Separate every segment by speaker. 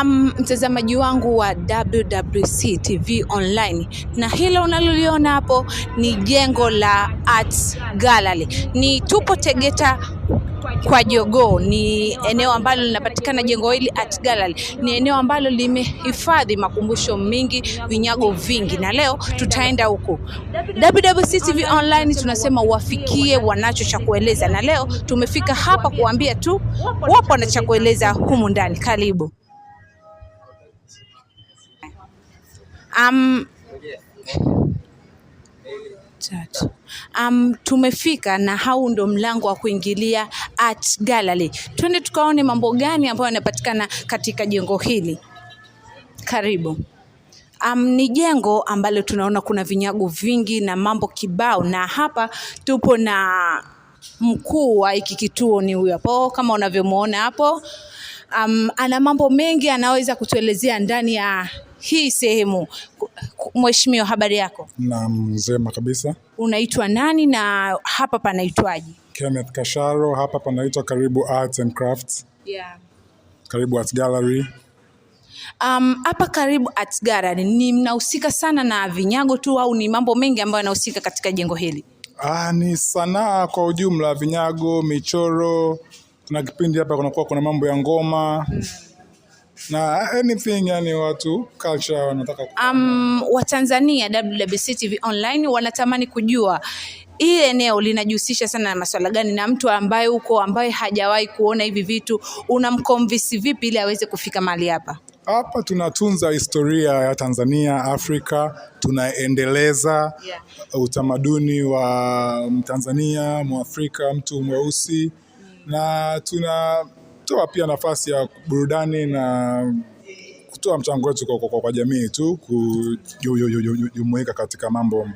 Speaker 1: um, mtazamaji wangu wa WWC TV online, na hilo unaloliona hapo ni jengo la Arts Gallery, ni tupo Tegeta kwa Jogoo. Ni eneo ambalo linapatikana jengo hili Art Gallery, ni eneo ambalo limehifadhi makumbusho mingi vinyago vingi, na leo tutaenda huko. WWC TV online tunasema wafikie wanacho cha kueleza, na leo tumefika hapa kuambia tu wapo na cha kueleza humu ndani. Karibu. Um, Um, tumefika na hau ndo mlango wa kuingilia Art Gallery. Twende tukaone mambo gani ambayo yanapatikana katika jengo hili. Karibu. Um, ni jengo ambalo tunaona kuna vinyago vingi na mambo kibao, na hapa tupo na mkuu wa hiki kituo, ni huyo hapo kama unavyomuona hapo um, ana mambo mengi anaweza kutuelezea ndani ya hii sehemu. Mheshimiwa, habari yako?
Speaker 2: Naam, mzema kabisa.
Speaker 1: Unaitwa nani na hapa panaitwaje?
Speaker 2: Kenneth Kasharo, hapa panaitwa Karibu Arts and Crafts. Yeah. Karibu Arts Gallery.
Speaker 1: Um, hapa Karibu Arts Gallery ni mnahusika sana na vinyago tu au ni mambo mengi ambayo yanahusika katika jengo hili?
Speaker 2: Ah, ni sanaa kwa ujumla, vinyago, michoro kuna kipindi hapa kunakuwa kuna mambo ya ngoma na anything yani watu culture wanataka
Speaker 1: um, Watanzania WBC TV online wanatamani kujua hii eneo linajihusisha sana na masuala gani, na mtu ambaye uko ambaye hajawahi kuona hivi vitu unamconvince vipi ili aweze kufika mahali hapa?
Speaker 2: Hapa tunatunza historia ya Tanzania, Afrika, tunaendeleza yeah. utamaduni wa Mtanzania, Mwafrika, mtu mweusi na tunatoa pia nafasi ya burudani na kutoa mchango wetu kwa, kwa, kwa jamii tu kujumuika katika mambo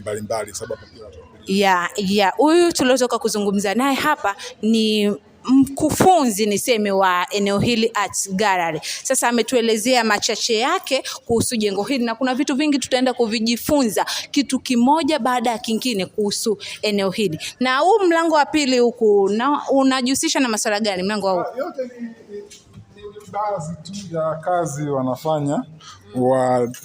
Speaker 2: mbalimbali sababu ya
Speaker 1: yeah, yeah. Huyu tuliotoka kuzungumza naye hapa ni mkufunzi niseme wa eneo hili Arts Gallery. Sasa ametuelezea machache yake kuhusu jengo hili na kuna vitu vingi tutaenda kuvijifunza kitu kimoja baada ya kingine kuhusu eneo hili. Na huu mlango wa pili huku unajihusisha na masuala gani? Mlango huu ah,
Speaker 2: yote ni baadhi tu ya kazi wanafanya wa